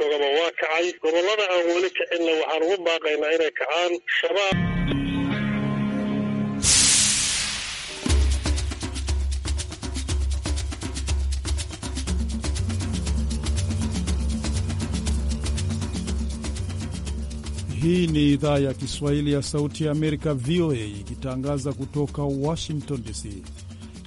joogaba waa kacay gobollada aan weli kicinna waxaan ugu baaqaynaa inay kacaan shabaab Hii ni idhaa ya Kiswahili ya Sauti ya Amerika, VOA, ikitangaza kutoka Washington DC.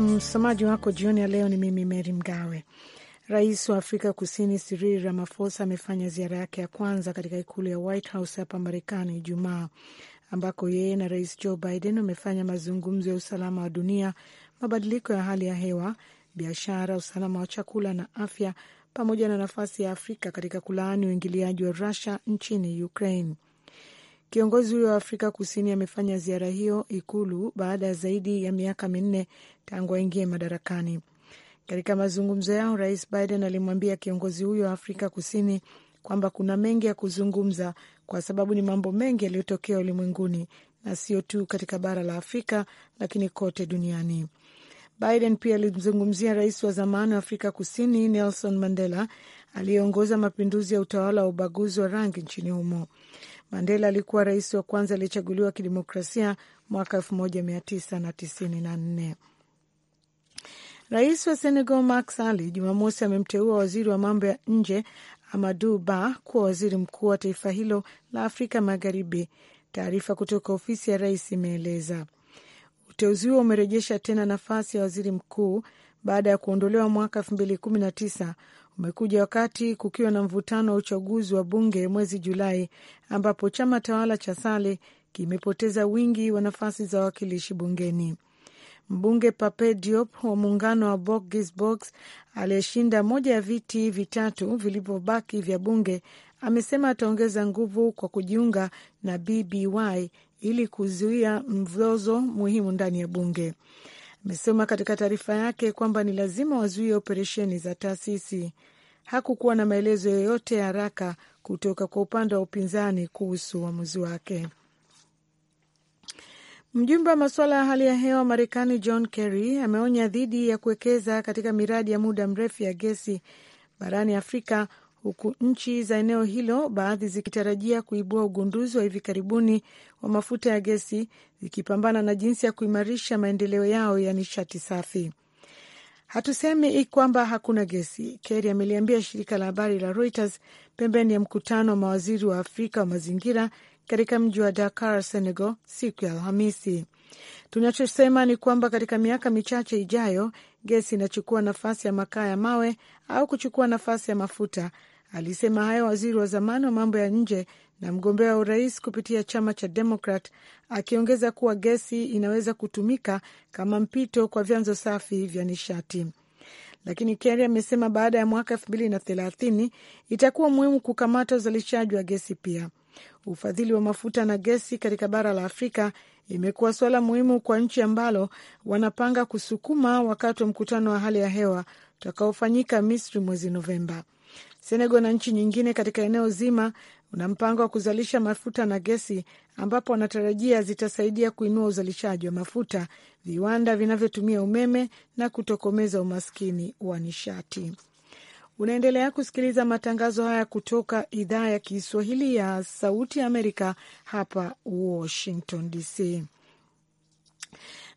Msomaji wako jioni ya leo ni mimi Meri Mgawe. Rais wa Afrika Kusini Cyril Ramaphosa amefanya ziara yake ya kwanza katika ikulu ya White House hapa Marekani Ijumaa, ambako yeye na Rais Joe Biden wamefanya mazungumzo ya usalama wa dunia, mabadiliko ya hali ya hewa, biashara, usalama wa chakula na afya, pamoja na nafasi ya Afrika katika kulaani uingiliaji wa Rusia nchini Ukraine. Kiongozi huyo wa Afrika Kusini amefanya ziara hiyo Ikulu baada ya zaidi ya miaka minne tangu aingie madarakani. Katika mazungumzo yao, Rais Biden alimwambia kiongozi huyo wa Afrika Kusini kwamba kuna mengi ya kuzungumza kwa sababu ni mambo mengi yaliyotokea ulimwenguni na sio tu katika bara la Afrika lakini kote duniani. Biden pia alimzungumzia rais wa zamani wa Afrika Kusini Nelson Mandela aliyeongoza mapinduzi ya utawala wa ubaguzi wa rangi nchini humo. Mandela alikuwa rais wa kwanza aliyechaguliwa kidemokrasia mwaka 1994. Rais wa Senegal Macky Sall Jumamosi amemteua waziri wa mambo ya nje Amadou Ba kuwa waziri mkuu wa taifa hilo la Afrika Magharibi. Taarifa kutoka ofisi ya rais imeeleza uteuzi huo umerejesha tena nafasi ya waziri mkuu baada ya kuondolewa mwaka tisa umekuja wakati kukiwa na mvutano wa uchaguzi wa bunge mwezi Julai, ambapo chama tawala cha Sale kimepoteza wingi wa nafasi za wakilishi bungeni. Mbunge Pape Diop wa muungano wa Bok Gisbor aliyeshinda moja ya viti vitatu vilivyobaki vya bunge amesema ataongeza nguvu kwa kujiunga na BBY ili kuzuia mzozo muhimu ndani ya bunge amesema katika taarifa yake kwamba ni lazima wazuie operesheni za taasisi. Hakukuwa na maelezo yoyote ya haraka kutoka kwa upande wa upinzani kuhusu uamuzi wake. Mjumbe wa masuala ya hali ya hewa Marekani John Kerry ameonya dhidi ya kuwekeza katika miradi ya muda mrefu ya gesi barani Afrika huku nchi za eneo hilo baadhi zikitarajia kuibua ugunduzi wa hivi karibuni wa mafuta ya gesi zikipambana na jinsi ya kuimarisha maendeleo yao ya nishati safi. Hatusemi kwamba hakuna gesi, Keri ameliambia shirika la habari la Reuters pembeni ya mkutano wa mawaziri wa Afrika wa mazingira katika mji wa Dakar, Senegal, siku ya Alhamisi. Tunachosema ni kwamba katika miaka michache ijayo gesi inachukua nafasi ya makaa ya mawe au kuchukua nafasi ya mafuta. Alisema hayo waziri wa zamani wa mambo ya nje na mgombea wa urais kupitia chama cha Demokrat, akiongeza kuwa gesi inaweza kutumika kama mpito kwa vyanzo safi vya nishati. Lakini Kerry amesema baada ya mwaka elfu mbili na thelathini itakuwa muhimu kukamata uzalishaji wa gesi pia. Ufadhili wa mafuta na gesi katika bara la Afrika imekuwa suala muhimu kwa nchi ambalo wanapanga kusukuma wakati wa mkutano wa hali ya hewa utakaofanyika Misri mwezi Novemba. Senegal na nchi nyingine katika eneo zima una mpango wa kuzalisha mafuta na gesi ambapo wanatarajia zitasaidia kuinua uzalishaji wa mafuta, viwanda vinavyotumia umeme na kutokomeza umaskini wa nishati. Unaendelea kusikiliza matangazo haya kutoka idhaa ya Kiswahili ya Sauti ya Amerika hapa Washington DC.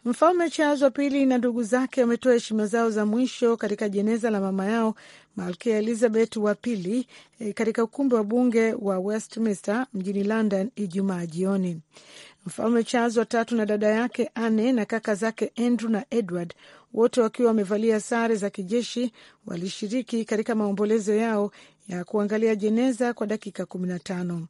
Mfalme Charles wa Pili na ndugu zake wametoa heshima zao za mwisho katika jeneza la mama yao Malkia Elizabeth wa Pili eh, katika ukumbi wa bunge wa Westminster mjini London Ijumaa jioni. Mfalme Charles watatu na dada yake Anne na kaka zake Andrew na Edward wote wakiwa wamevalia sare za kijeshi walishiriki katika maombolezo yao ya kuangalia jeneza kwa dakika kumi na tano.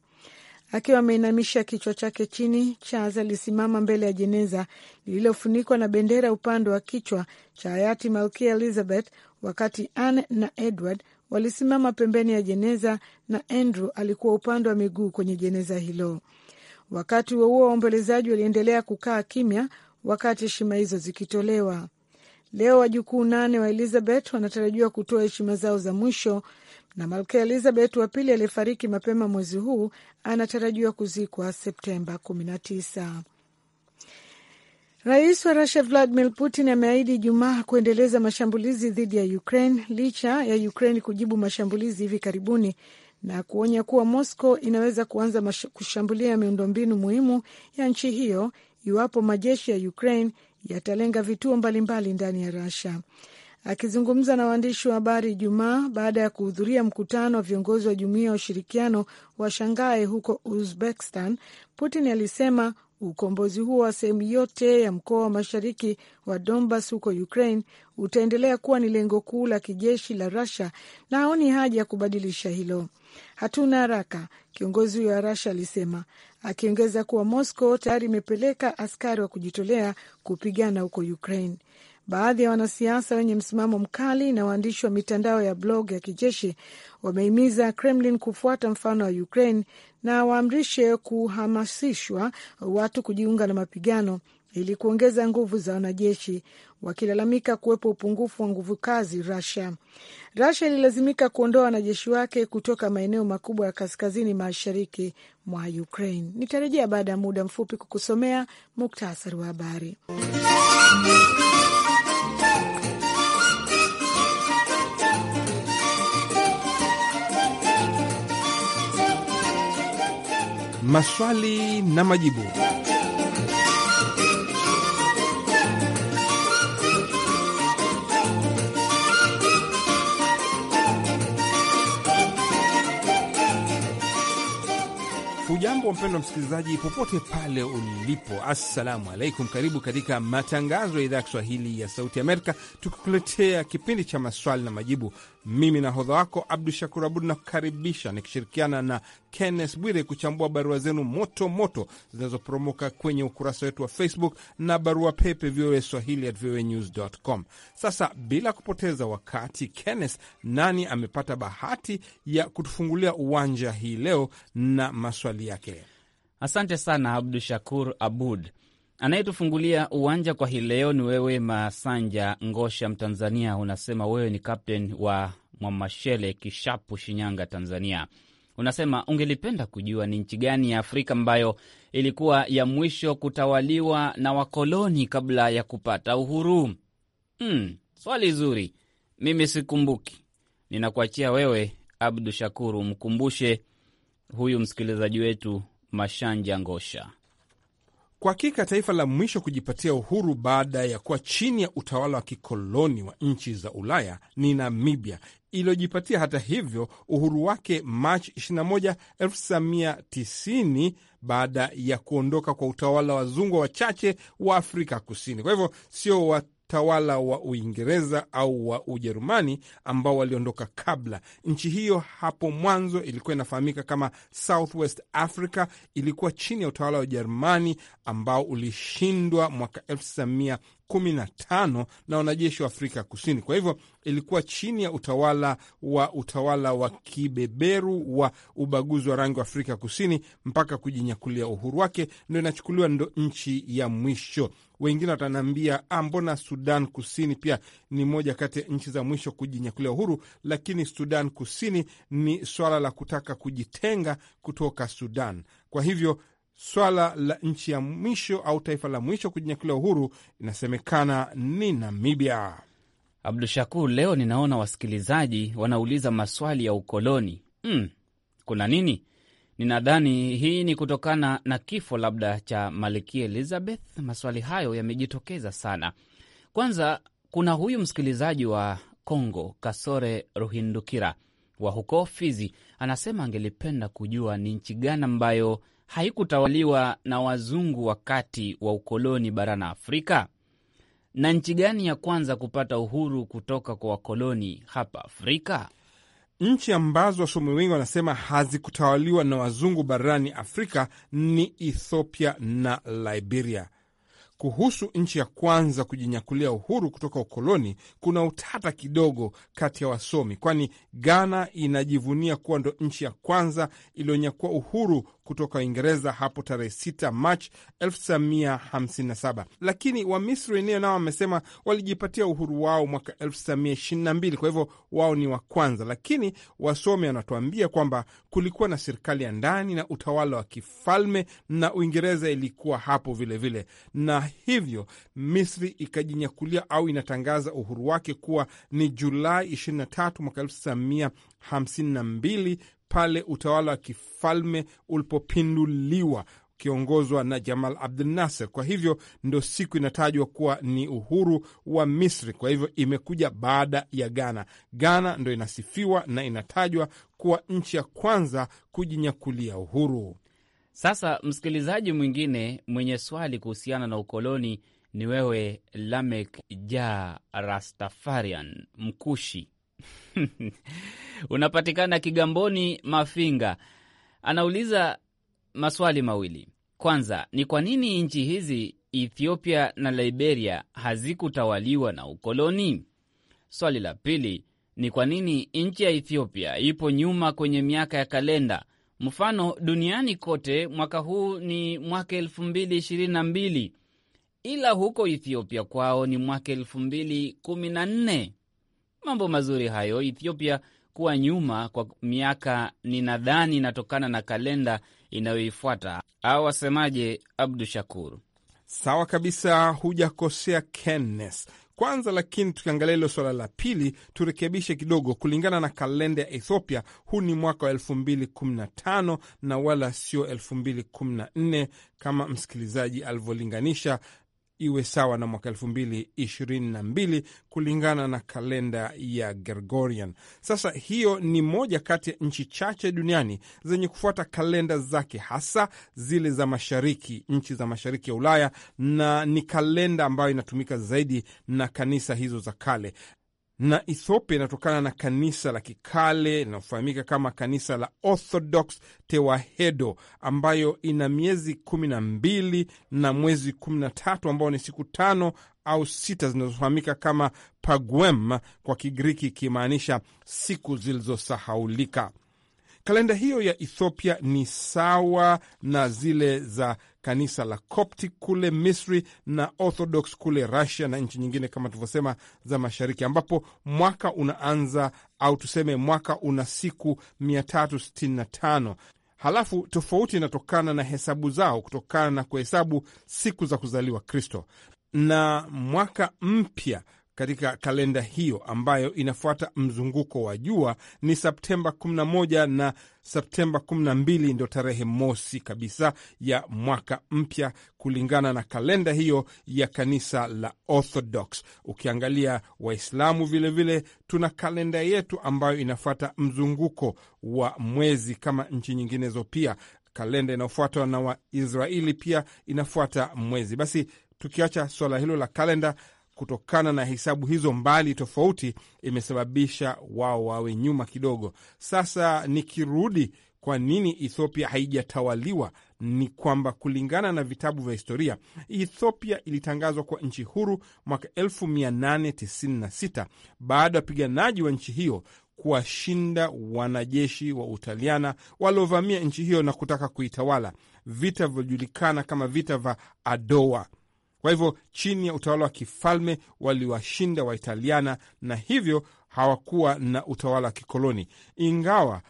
Akiwa ameinamisha kichwa chake chini, Charles alisimama mbele ya jeneza lililofunikwa na bendera upande wa kichwa cha hayati Malkia Elizabeth, wakati Anne na Edward walisimama pembeni ya jeneza na Andrew alikuwa upande wa miguu kwenye jeneza hilo. Wakati huo huo, waombolezaji waliendelea kukaa kimya wakati heshima hizo zikitolewa. Leo wajukuu nane wa Elizabeth wanatarajiwa kutoa heshima zao za mwisho, na malkia Elizabeth wa pili aliyefariki mapema mwezi huu anatarajiwa kuzikwa Septemba 19. Rais wa Rusia Vladimir Putin ameahidi Ijumaa kuendeleza mashambulizi dhidi ya Ukraine licha ya Ukraine kujibu mashambulizi hivi karibuni na kuonya kuwa Moscow inaweza kuanza kushambulia miundombinu muhimu ya nchi hiyo iwapo majeshi ya Ukraine yatalenga vituo mbalimbali ndani ya rusia Akizungumza na waandishi wa habari Ijumaa baada ya kuhudhuria mkutano wa viongozi wa jumuiya ya ushirikiano wa Shangae huko Uzbekistan, Putin alisema Ukombozi huo wa sehemu yote ya mkoa wa mashariki wa Donbas huko Ukraine utaendelea kuwa ni lengo kuu la kijeshi la Russia na haoni haja ya kubadilisha hilo. Hatuna haraka, kiongozi huyo wa rasha alisema, akiongeza kuwa Moscow tayari imepeleka askari wa kujitolea kupigana huko Ukraine. Baadhi ya wanasiasa wenye msimamo mkali na waandishi wa mitandao ya blog ya kijeshi wamehimiza Kremlin kufuata mfano wa Ukraine na waamrishe kuhamasishwa watu kujiunga na mapigano ili kuongeza nguvu za wanajeshi, wakilalamika kuwepo upungufu wa nguvu kazi rusia Russia ililazimika kuondoa wanajeshi wake kutoka maeneo makubwa ya kaskazini mashariki mwa Ukraine. Nitarejea baada ya muda mfupi kukusomea muktasari wa habari. maswali na majibu. Ujambo, mpendwa msikilizaji, popote pale ulipo, assalamu alaikum. Karibu katika matangazo ya idhaa ya Kiswahili ya Sauti Amerika, tukikuletea kipindi cha maswali na majibu mimi nahodha wako Abdu Shakur Abud nakukaribisha nikishirikiana na Kennes Bwire kuchambua barua zenu moto moto zinazoporomoka kwenye ukurasa wetu wa Facebook na barua pepe VOA Swahili at VOA news com. Sasa bila kupoteza wakati, Kennes, nani amepata bahati ya kutufungulia uwanja hii leo na maswali yake? Asante sana Abdu Shakur Abud. Anayetufungulia uwanja kwa hii leo ni wewe Masanja Ngosha, Mtanzania. Unasema wewe ni kapten wa Mwamashele, Kishapu, Shinyanga, Tanzania. Unasema ungelipenda kujua ni nchi gani ya Afrika ambayo ilikuwa ya mwisho kutawaliwa na wakoloni kabla ya kupata uhuru. Hmm, swali zuri. Mimi sikumbuki, ninakuachia wewe Abdu Shakuru, mkumbushe huyu msikilizaji wetu Mashanja Ngosha. Kwa hakika taifa la mwisho kujipatia uhuru baada ya kuwa chini ya utawala wa kikoloni wa nchi za Ulaya ni Namibia iliyojipatia hata hivyo uhuru wake Machi 21, 1990 baada ya kuondoka kwa utawala wazungu wachache wa Afrika Kusini. Kwa hivyo sio tawala wa Uingereza au wa Ujerumani ambao waliondoka kabla. Nchi hiyo hapo mwanzo ilikuwa inafahamika kama Southwest Africa, ilikuwa chini ya utawala wa Ujerumani ambao ulishindwa mwaka 1915 na wanajeshi wa Afrika Kusini. Kwa hivyo ilikuwa chini ya utawala wa utawala wa kibeberu wa ubaguzi wa rangi wa Afrika Kusini mpaka kujinyakulia uhuru wake, ndo inachukuliwa ndo nchi ya mwisho wengine wataniambia ah, mbona Sudan Kusini pia ni moja kati ya nchi za mwisho kujinyakulia uhuru, lakini Sudan Kusini ni swala la kutaka kujitenga kutoka Sudan. Kwa hivyo swala la nchi ya mwisho au taifa la mwisho kujinyakulia uhuru inasemekana ni Namibia. Abdu Shakur, leo ninaona wasikilizaji wanauliza maswali ya ukoloni. Hmm, kuna nini? Ninadhani hii ni kutokana na kifo labda cha Malkia Elizabeth. Maswali hayo yamejitokeza sana. Kwanza, kuna huyu msikilizaji wa congo Kasore Ruhindukira wa huko Fizi, anasema angelipenda kujua ni nchi gani ambayo haikutawaliwa na wazungu wakati wa ukoloni barani Afrika, na nchi gani ya kwanza kupata uhuru kutoka kwa wakoloni hapa Afrika? Nchi ambazo wasomi wengi wanasema hazikutawaliwa na wazungu barani Afrika ni Ethiopia na Liberia. Kuhusu nchi ya kwanza kujinyakulia uhuru kutoka ukoloni, kuna utata kidogo kati ya wasomi, kwani Ghana inajivunia kuwa ndo nchi ya kwanza iliyonyakua uhuru kutoka Uingereza hapo tarehe 6 Machi 1957, lakini Wamisri wenyewe nao wamesema walijipatia uhuru wao mwaka 1922. Kwa hivyo wao ni wa kwanza, lakini wasomi wanatuambia kwamba kulikuwa na serikali ya ndani na utawala wa kifalme na Uingereza ilikuwa hapo vilevile vile. Na hivyo Misri ikajinyakulia au inatangaza uhuru wake kuwa ni Julai 23 mwaka 52 pale utawala wa kifalme ulipopinduliwa ukiongozwa na Jamal Abdel Nasser. Kwa hivyo ndo siku inatajwa kuwa ni uhuru wa Misri. Kwa hivyo imekuja baada ya Ghana. Ghana ndo inasifiwa na inatajwa kuwa nchi ya kwanza kujinyakulia uhuru. Sasa msikilizaji mwingine mwenye swali kuhusiana na ukoloni ni wewe Lamek Ja Rastafarian Mkushi unapatikana Kigamboni. Mafinga anauliza maswali mawili. Kwanza ni kwa nini nchi hizi Ethiopia na Liberia hazikutawaliwa na ukoloni? Swali la pili ni kwa nini nchi ya Ethiopia ipo nyuma kwenye miaka ya kalenda? Mfano, duniani kote mwaka huu ni mwaka elfu mbili ishirini na mbili ila huko Ethiopia kwao ni mwaka elfu mbili kumi na nne. Mambo mazuri hayo. Ethiopia kuwa nyuma kwa miaka, ninadhani inatokana na kalenda inayoifuata au wasemaje, Abdu Shakur? Sawa kabisa, hujakosea Kennes. Kwanza lakini, tukiangalia hilo suala la pili, turekebishe kidogo. Kulingana na kalenda ya Ethiopia, huu ni mwaka wa 2015 na wala sio 2014 kama msikilizaji alivyolinganisha iwe sawa na mwaka elfu mbili ishirini na mbili kulingana na kalenda ya Gregorian. Sasa hiyo ni moja kati ya nchi chache duniani zenye kufuata kalenda zake, hasa zile za mashariki, nchi za mashariki ya Ulaya, na ni kalenda ambayo inatumika zaidi na kanisa hizo za kale na Ethiopia inatokana na kanisa la kikale linalofahamika kama kanisa la Orthodox Tewahedo, ambayo ina miezi kumi na mbili na mwezi kumi na tatu ambao ni siku tano au sita zinazofahamika kama Pagwem kwa Kigiriki, ikimaanisha siku zilizosahaulika. Kalenda hiyo ya Ethiopia ni sawa na zile za kanisa la Kopti kule Misri na Orthodox kule Russia na nchi nyingine kama tulivyosema za mashariki, ambapo mwaka unaanza au tuseme mwaka una siku 365. Halafu tofauti inatokana na hesabu zao kutokana na kuhesabu siku za kuzaliwa Kristo na mwaka mpya katika kalenda hiyo ambayo inafuata mzunguko wa jua ni Septemba 11 na Septemba 12 ndio tarehe mosi kabisa ya mwaka mpya kulingana na kalenda hiyo ya kanisa la Orthodox. Ukiangalia Waislamu vilevile tuna kalenda yetu ambayo inafuata mzunguko wa mwezi kama nchi nyinginezo. Pia kalenda inayofuatwa na Waisraeli pia inafuata mwezi. Basi tukiacha suala hilo la kalenda kutokana na hesabu hizo mbali tofauti imesababisha wao wawe nyuma kidogo. Sasa nikirudi, kwa nini Ethiopia haijatawaliwa? Ni kwamba kulingana na vitabu vya historia, Ethiopia ilitangazwa kwa nchi huru mwaka 1896 baada ya wapiganaji wa nchi hiyo kuwashinda wanajeshi wa Utaliana waliovamia nchi hiyo na kutaka kuitawala, vita vilivyojulikana kama vita vya Adowa. Kwa hivyo chini ya utawala wa kifalme waliwashinda Waitaliana na hivyo hawakuwa na utawala wa kikoloni, ingawa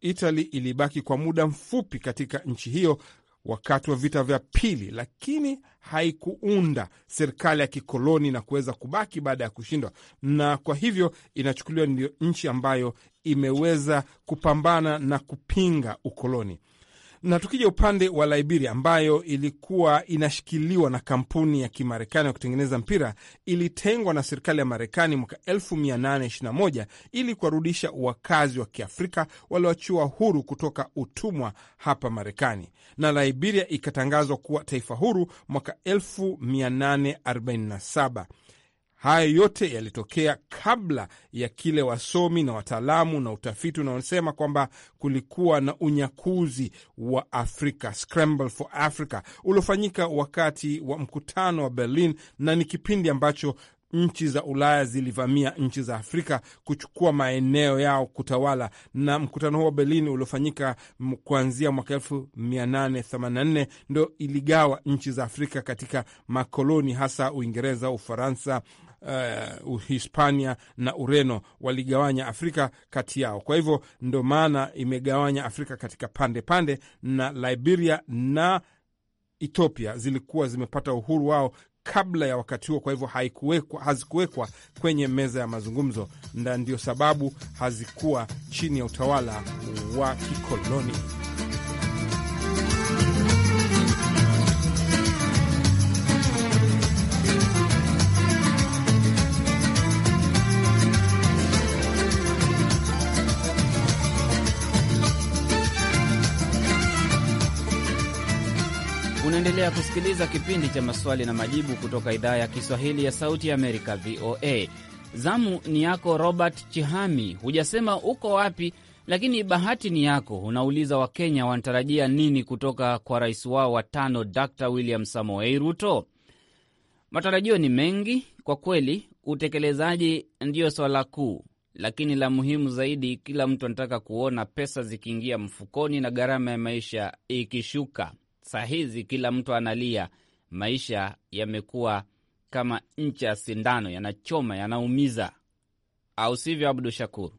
Itali ilibaki kwa muda mfupi katika nchi hiyo wakati wa vita vya pili, lakini haikuunda serikali ya kikoloni na kuweza kubaki baada ya kushindwa, na kwa hivyo inachukuliwa ndiyo nchi ambayo imeweza kupambana na kupinga ukoloni. Na tukija upande wa Liberia ambayo ilikuwa inashikiliwa na kampuni ya Kimarekani ya kutengeneza mpira, ilitengwa na serikali ya Marekani mwaka 1821 ili kuwarudisha wakazi wa Kiafrika walioachiwa huru kutoka utumwa hapa Marekani, na Liberia ikatangazwa kuwa taifa huru mwaka 1847. Haya yote yalitokea kabla ya kile wasomi na wataalamu na utafiti unaosema kwamba kulikuwa na unyakuzi wa Afrika, Scramble for Africa, uliofanyika wakati wa mkutano wa Berlin, na ni kipindi ambacho nchi za Ulaya zilivamia nchi za Afrika kuchukua maeneo yao kutawala. Na mkutano huo wa Berlin uliofanyika kuanzia mwaka nne ndo iligawa nchi za Afrika katika makoloni, hasa Uingereza, Ufaransa, uh, Uhispania na Ureno waligawanya Afrika kati yao. Kwa hivyo ndo maana imegawanya Afrika katika pande pande, na Liberia na Ethiopia zilikuwa zimepata uhuru wao kabla ya wakati huo, kwa hivyo haikuwekwa, hazikuwekwa kwenye meza ya mazungumzo, na ndio sababu hazikuwa chini ya utawala wa kikoloni. Unaendelea kusikiliza kipindi cha maswali na majibu kutoka idhaa ya Kiswahili ya Sauti ya Amerika, VOA. Zamu ni yako Robert Chihami, hujasema uko wapi, lakini bahati ni yako. Unauliza Wakenya wanatarajia nini kutoka kwa rais wao wa tano Dr William Samoei Ruto. Matarajio ni mengi kwa kweli, utekelezaji ndiyo swala kuu, lakini la muhimu zaidi, kila mtu anataka kuona pesa zikiingia mfukoni na gharama ya maisha ikishuka saa hizi kila mtu analia, maisha yamekuwa kama ncha ya sindano, yanachoma, yanaumiza, au sivyo, Abdu Shakur?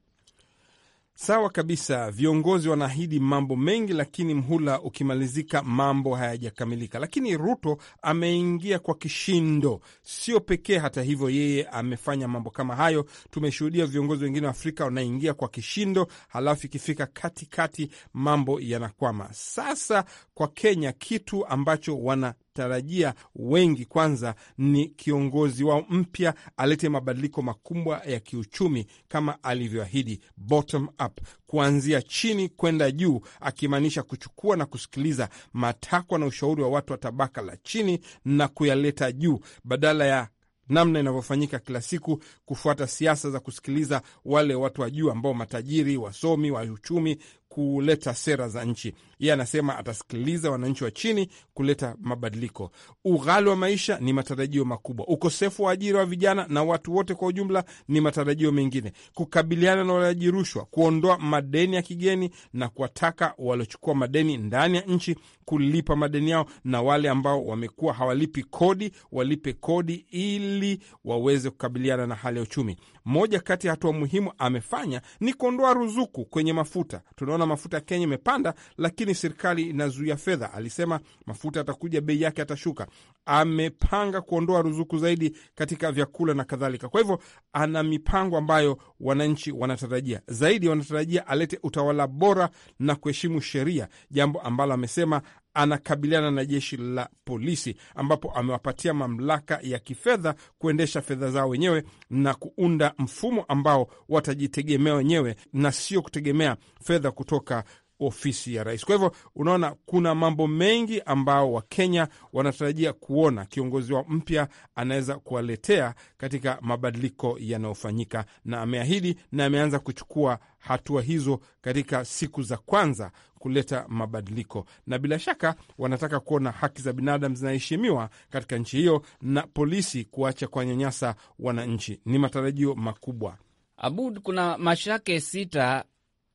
Sawa kabisa, viongozi wanaahidi mambo mengi, lakini mhula ukimalizika mambo hayajakamilika. Lakini Ruto ameingia kwa kishindo, sio pekee. Hata hivyo, yeye amefanya mambo kama hayo. Tumeshuhudia viongozi wengine wa Afrika wanaingia kwa kishindo, halafu ikifika katikati mambo yanakwama. Sasa kwa Kenya, kitu ambacho wana wanatarajia wengi, kwanza ni kiongozi wao mpya alete mabadiliko makubwa ya kiuchumi kama alivyoahidi, bottom up, kuanzia chini kwenda juu, akimaanisha kuchukua na kusikiliza matakwa na ushauri wa watu wa tabaka la chini na kuyaleta juu badala ya namna inavyofanyika kila siku, kufuata siasa za kusikiliza wale watu wa juu ambao matajiri, wasomi, wa uchumi, kuleta sera za nchi. Yeye anasema atasikiliza wananchi wa chini kuleta mabadiliko. Ughali wa maisha ni matarajio makubwa, ukosefu wa ajira wa vijana na watu wote kwa ujumla ni matarajio mengine, kukabiliana na walaji rushwa, kuondoa madeni ya kigeni na kuwataka waliochukua madeni ndani ya nchi kulipa madeni yao, na wale ambao wamekuwa hawalipi kodi walipe kodi ili waweze kukabiliana na hali ya uchumi. Moja kati ya hatua muhimu amefanya ni kuondoa ruzuku kwenye mafuta. Tunaona mafuta ya Kenya imepanda, lakini serikali inazuia fedha. Alisema mafuta yatakuja, bei yake atashuka amepanga kuondoa ruzuku zaidi katika vyakula na kadhalika. Kwa hivyo ana mipango ambayo wananchi wanatarajia zaidi, wanatarajia alete utawala bora na kuheshimu sheria, jambo ambalo amesema anakabiliana na jeshi la polisi, ambapo amewapatia mamlaka ya kifedha kuendesha fedha zao wenyewe na kuunda mfumo ambao watajitegemea wenyewe na sio kutegemea fedha kutoka ofisi ya rais. Kwa hivyo unaona, kuna mambo mengi ambao Wakenya wanatarajia kuona kiongozi wao mpya anaweza kuwaletea katika mabadiliko yanayofanyika, na ameahidi na ameanza kuchukua hatua hizo katika siku za kwanza kuleta mabadiliko, na bila shaka wanataka kuona haki za binadamu zinaheshimiwa katika nchi hiyo na polisi kuacha kuwanyanyasa wananchi. Ni matarajio makubwa. Abud, kuna mashake sita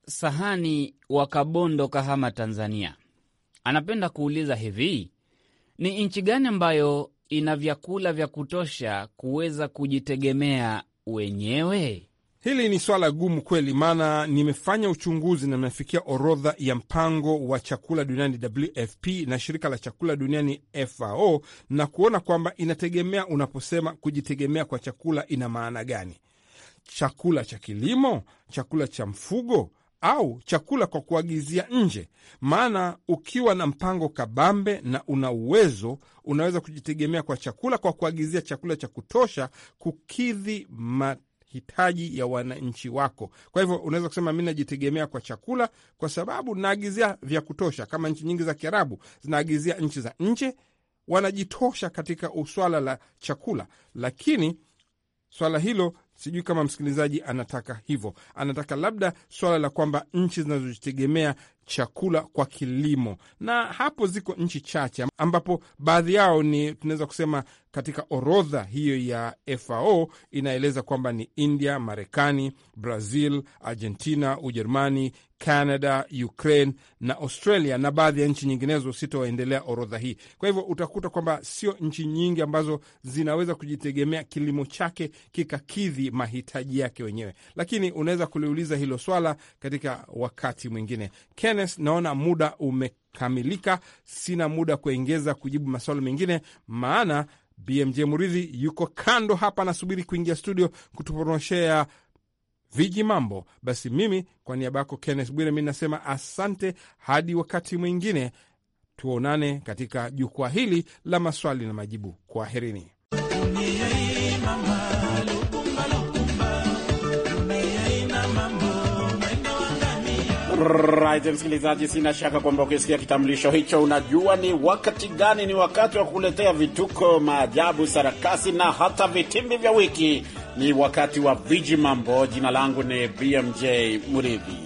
Sahani wa Kabondo, Kahama, Tanzania, anapenda kuuliza hivi: ni nchi gani ambayo ina vyakula vya kutosha kuweza kujitegemea wenyewe? Hili ni swala gumu kweli, maana nimefanya uchunguzi na nimefikia orodha ya mpango wa chakula duniani WFP na shirika la chakula duniani FAO na kuona kwamba inategemea. Unaposema kujitegemea kwa chakula, ina maana gani? Chakula cha kilimo, chakula cha mfugo, au chakula kwa kuagizia nje, maana ukiwa na mpango kabambe na una uwezo, unaweza kujitegemea kwa chakula kwa kuagizia chakula cha kutosha kukidhi mahitaji ya wananchi wako. Kwa hivyo unaweza kusema mi najitegemea kwa chakula kwa sababu naagizia vya kutosha. Kama nchi nyingi za Kiarabu zinaagizia nchi za nje, wanajitosha katika swala la chakula, lakini swala hilo Sijui kama msikilizaji anataka hivyo, anataka labda swala la kwamba nchi zinazojitegemea chakula kwa kilimo, na hapo ziko nchi chache ambapo baadhi yao ni tunaweza kusema katika orodha hiyo ya FAO inaeleza kwamba ni India, Marekani, Brazil, Argentina, Ujerumani, Canada, Ukraine na Australia na baadhi ya nchi nyinginezo sitoendelea orodha hii. Kwa hivyo utakuta kwamba sio nchi nyingi ambazo zinaweza kujitegemea kilimo chake kikakidhi mahitaji yake wenyewe, lakini unaweza kuliuliza hilo swala katika wakati mwingine Ken Kenneth, naona muda umekamilika, sina muda kuengeza kujibu maswali mengine, maana BMJ Muridhi yuko kando hapa, anasubiri kuingia studio kutuporoshea viji mambo. Basi mimi kwa niaba yako Kenneth Bwire, mi nasema asante, hadi wakati mwingine tuonane katika jukwaa hili la maswali na majibu. Kwaherini. Right, msikilizaji, sina shaka kwamba ukisikia kitambulisho hicho unajua ni wakati gani. Ni wakati wa kuletea vituko, maajabu, sarakasi na hata vitimbi vya wiki. Ni wakati wa viji mambo. Jina langu ni BMJ Muridhi.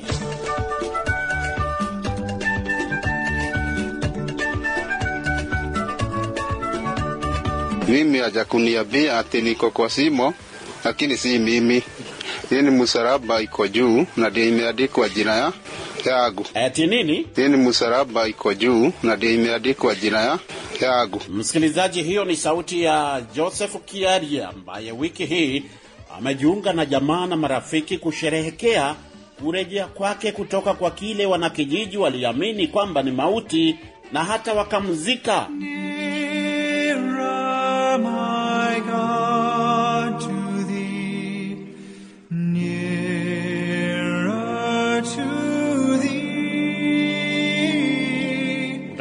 Mimi hajakuniambia ati niko kwa simo, lakini si mimi hii ni msalaba iko juu na ndio imeandikwa jina yangu. Ati nini? Hii ni iko juu na ndio imeandikwa jina yangu. Msikilizaji, hiyo ni sauti ya Joseph Kiaria ambaye wiki hii amejiunga na jamaa na marafiki kusherehekea kurejea kwake kutoka kwa kile wanakijiji waliamini kwamba ni mauti na hata wakamzika.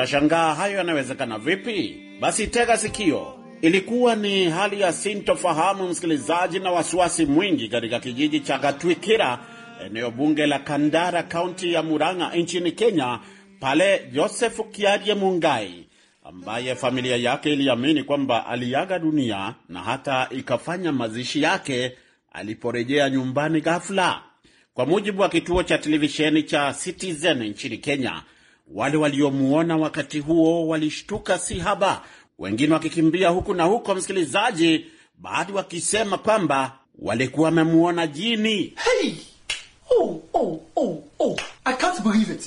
utashangaa hayo yanawezekana vipi? Basi tega sikio. Ilikuwa ni hali ya sintofahamu, msikilizaji, na wasiwasi mwingi katika kijiji cha Gatwikira, eneo bunge la Kandara, kaunti ya Murang'a nchini Kenya, pale Josefu Kiarie Mungai ambaye familia yake iliamini kwamba aliaga dunia na hata ikafanya mazishi yake aliporejea nyumbani ghafla. Kwa mujibu wa kituo cha televisheni cha Citizen nchini Kenya, wale waliomuona wakati huo walishtuka si haba, wengine wakikimbia huku na huko, msikilizaji, baadhi wakisema kwamba walikuwa wamemuona jini. Hey! Oh, oh, oh, oh.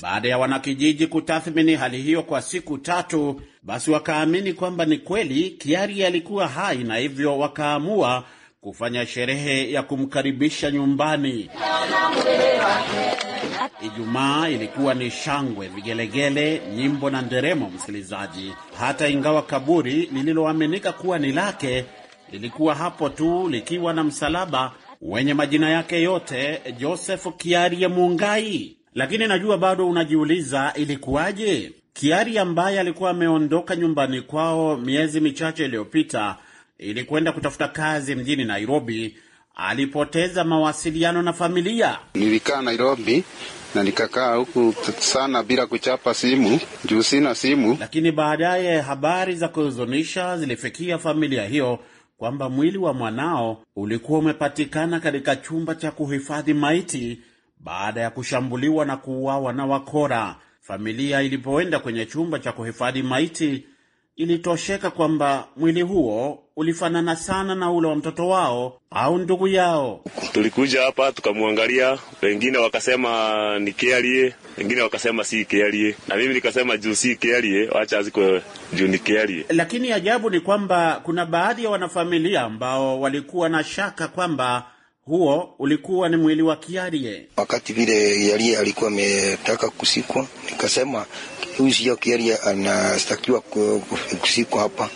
Baada ya wanakijiji kutathmini hali hiyo kwa siku tatu, basi wakaamini kwamba ni kweli Kiari alikuwa hai na hivyo wakaamua kufanya sherehe ya kumkaribisha nyumbani. Ijumaa ilikuwa ni shangwe, vigelegele, nyimbo na nderemo, msikilizaji, hata ingawa kaburi lililoaminika kuwa ni lake lilikuwa hapo tu likiwa na msalaba wenye majina yake yote, Joseph Kiarie Mungai. Lakini najua bado unajiuliza ilikuwaje? kiari ambaye alikuwa ameondoka nyumbani kwao miezi michache iliyopita ili kwenda kutafuta kazi mjini Nairobi, alipoteza mawasiliano na familia. Nilikaa Nairobi na nikakaa huku sana bila kuchapa simu juu sina simu. Lakini baadaye habari za kuhuzunisha zilifikia familia hiyo kwamba mwili wa mwanao ulikuwa umepatikana katika chumba cha kuhifadhi maiti baada ya kushambuliwa na kuuawa na wakora. Familia ilipoenda kwenye chumba cha kuhifadhi maiti ilitosheka kwamba mwili huo ulifanana sana na ule wa mtoto wao au ndugu yao. Tulikuja hapa tukamwangalia, wengine wakasema ni Kealie, wengine wakasema si Kealie, na mimi nikasema juu si Kealie, wacha aziko juu ni Kealie. Lakini ajabu ni kwamba kuna baadhi ya wanafamilia ambao walikuwa na shaka kwamba huo ulikuwa ni mwili wa Kiarie. Wakati vile yalie alikuwa ametaka kusikwa, nikasema huyu sio Kiarie, anastakiwa kusikwa hapa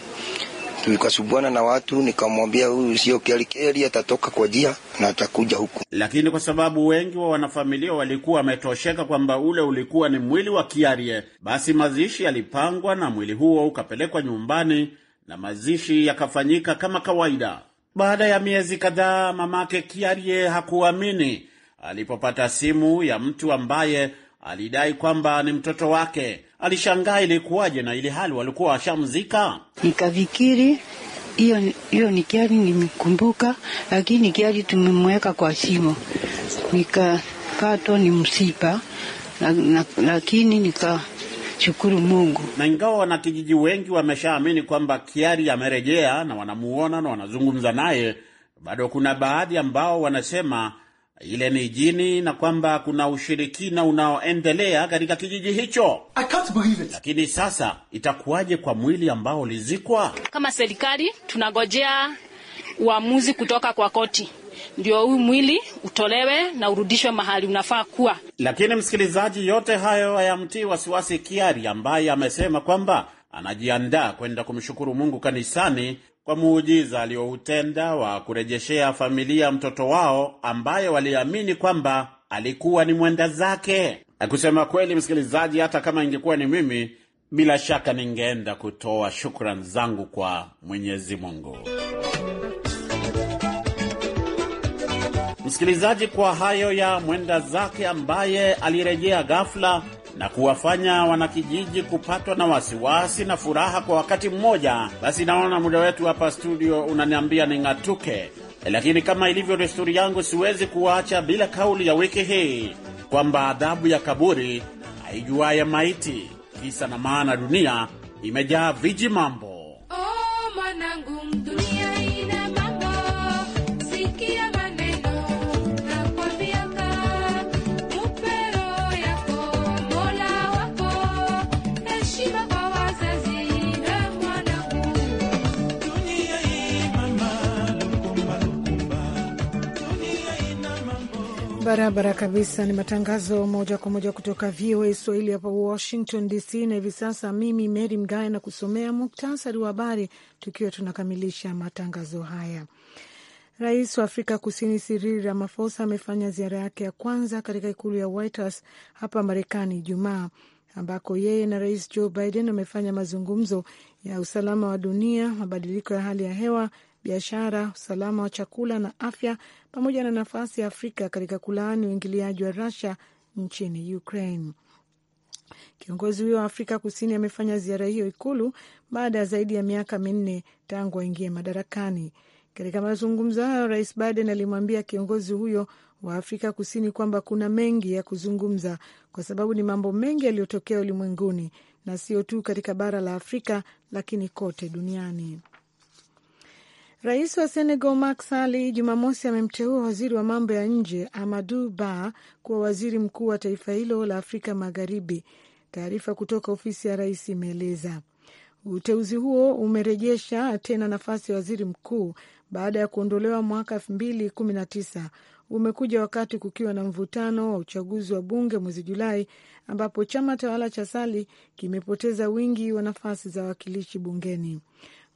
Tulikasubwana na watu, nikamwambia huyu sio keli, atatoka kwa jia na atakuja huku. Lakini kwa sababu wengi wa wanafamilia walikuwa wametosheka kwamba ule ulikuwa ni mwili wa Kiarie, basi mazishi yalipangwa na mwili huo ukapelekwa nyumbani na mazishi yakafanyika kama kawaida. Baada ya miezi kadhaa, mamake Kiarie hakuamini alipopata simu ya mtu ambaye alidai kwamba ni mtoto wake alishangaa ilikuwaje, na ili hali walikuwa washamzika. Nikafikiri hiyo hiyo ni gari nimekumbuka, lakini gari tumemweka kwa shimo, nikapato ni msiba, lakini nika shukuru Mungu. Na ingawa wanakijiji wengi wameshaamini kwamba Kiari amerejea na wanamuona na wanazungumza naye, bado kuna baadhi ambao wanasema ile ni jini na kwamba kuna ushirikina unaoendelea katika kijiji hicho. I can't believe it. Lakini sasa itakuwaje kwa mwili ambao ulizikwa? Kama serikali tunagojea uamuzi kutoka kwa koti ndio huu mwili utolewe na urudishwe mahali unafaa kuwa. Lakini msikilizaji, yote hayo hayamtii wasiwasi Kiari ambaye amesema kwamba anajiandaa kwenda kumshukuru Mungu kanisani kwa muujiza alioutenda wa kurejeshea familia mtoto wao ambaye waliamini kwamba alikuwa ni mwenda zake. Kusema kweli, msikilizaji, hata kama ingekuwa ni mimi, bila shaka ningeenda kutoa shukrani zangu kwa Mwenyezi Mungu. Msikilizaji, kwa hayo ya mwenda zake ambaye alirejea ghafla na kuwafanya wanakijiji kupatwa na wasiwasi na furaha kwa wakati mmoja, basi naona muda wetu hapa studio unaniambia ning'atuke, lakini kama ilivyo desturi yangu, siwezi kuwaacha bila kauli ya wiki hii kwamba adhabu ya kaburi haijuaye maiti, kisa na maana dunia imejaa viji mambo. Barabara kabisa, ni matangazo moja kwa moja kutoka VOA Swahili hapa Washington DC, na hivi sasa mimi Mary Mgawe na kusomea muktasari wa habari tukiwa tunakamilisha matangazo haya. Rais wa Afrika Kusini Cyril Ramaphosa amefanya ziara yake ya kwanza katika ikulu ya White House hapa Marekani Ijumaa, ambako yeye na Rais Joe Biden wamefanya mazungumzo ya usalama wa dunia, mabadiliko ya hali ya hewa biashara, usalama wa chakula na afya, pamoja na nafasi ya Afrika katika kulaani uingiliaji wa Russia nchini Ukraine. Kiongozi huyo wa Afrika Kusini amefanya ziara hiyo Ikulu baada ya zaidi ya miaka minne tangu aingie madarakani. Katika mazungumzo hayo, Rais Biden alimwambia kiongozi huyo wa Afrika Kusini kwamba kuna mengi ya kuzungumza kwa sababu ni mambo mengi yaliyotokea ulimwenguni na sio tu katika bara la Afrika, lakini kote duniani. Rais wa Senegal Macky Sall Jumamosi amemteua waziri wa mambo ya nje Amadou Ba kuwa waziri mkuu wa taifa hilo la Afrika Magharibi. Taarifa kutoka ofisi ya rais imeeleza uteuzi huo umerejesha tena nafasi ya waziri mkuu baada ya kuondolewa mwaka elfu mbili kumi na tisa. Umekuja wakati kukiwa na mvutano wa uchaguzi wa bunge mwezi Julai, ambapo chama tawala cha Sali kimepoteza wingi wa nafasi za wakilishi bungeni.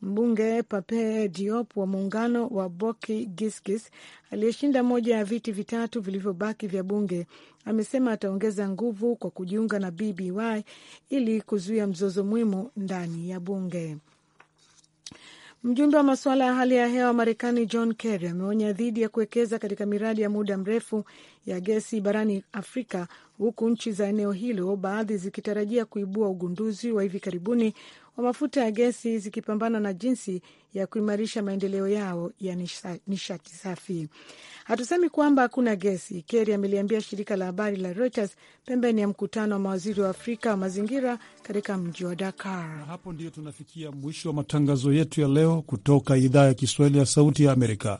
Mbunge Pape Diop wa muungano wa Boki Gisgis aliyeshinda moja ya viti vitatu vilivyobaki vya bunge amesema ataongeza nguvu kwa kujiunga na BBY ili kuzuia mzozo mwimu ndani ya bunge. Mjumbe wa masuala ya hali ya hewa Marekani John Kerry ameonya dhidi ya kuwekeza katika miradi ya muda mrefu ya gesi barani Afrika, huku nchi za eneo hilo baadhi zikitarajia kuibua ugunduzi wa hivi karibuni wa mafuta ya gesi zikipambana na jinsi ya kuimarisha maendeleo yao ya nishati safi. Hatusemi kwamba hakuna gesi, keri ameliambia shirika la habari la Reuters pembeni ya mkutano wa mawaziri wa Afrika wa mazingira katika mji wa Dakar. Na hapo ndiyo tunafikia mwisho wa matangazo yetu ya leo kutoka idhaa ya Kiswahili ya Sauti ya Amerika.